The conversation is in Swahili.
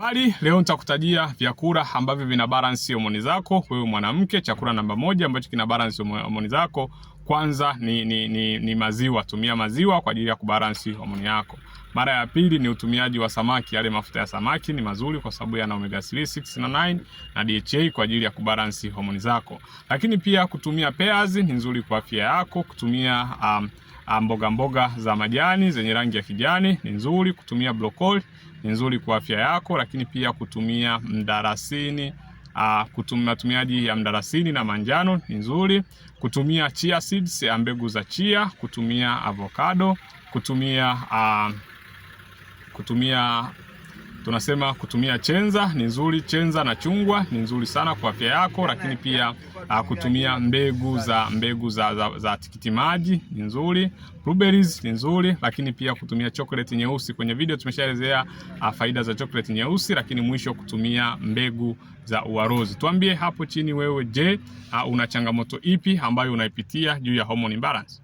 Bali leo nitakutajia vyakula ambavyo vina balance homoni zako wewe mwanamke. Chakula namba moja ambacho kina balance homoni zako kwanza ni, ni, ni, ni maziwa. Tumia maziwa kwa ajili ya kubalansi homoni yako. Mara ya pili ni utumiaji wa samaki. Yale mafuta ya samaki ni mazuri kwa sababu yana omega 3, 6 na 9 na DHA kwa ajili ya kubalansi homoni zako, lakini pia kutumia pears ni nzuri kwa afya yako. Kutumia um, um mboga mboga za majani zenye rangi ya kijani ni nzuri. Kutumia brokoli ni nzuri kwa afya yako, lakini pia kutumia mdalasini Ah, kutumia matumiaji ya mdalasini na manjano ni nzuri, kutumia chia seeds ya mbegu za chia, kutumia avocado, kutumia uh, kutumia tunasema kutumia chenza ni nzuri. Chenza na chungwa ni nzuri sana kwa afya yako, lakini pia uh, kutumia mbegu za mbegu za, za, za tikiti maji ni nzuri, blueberries ni nzuri, lakini pia kutumia chocolate nyeusi. Kwenye video tumeshaelezea uh, faida za chocolate nyeusi, lakini mwisho kutumia mbegu za uwarozi. Tuambie hapo chini wewe, je, uh, una changamoto ipi ambayo unaipitia juu ya hormone imbalance?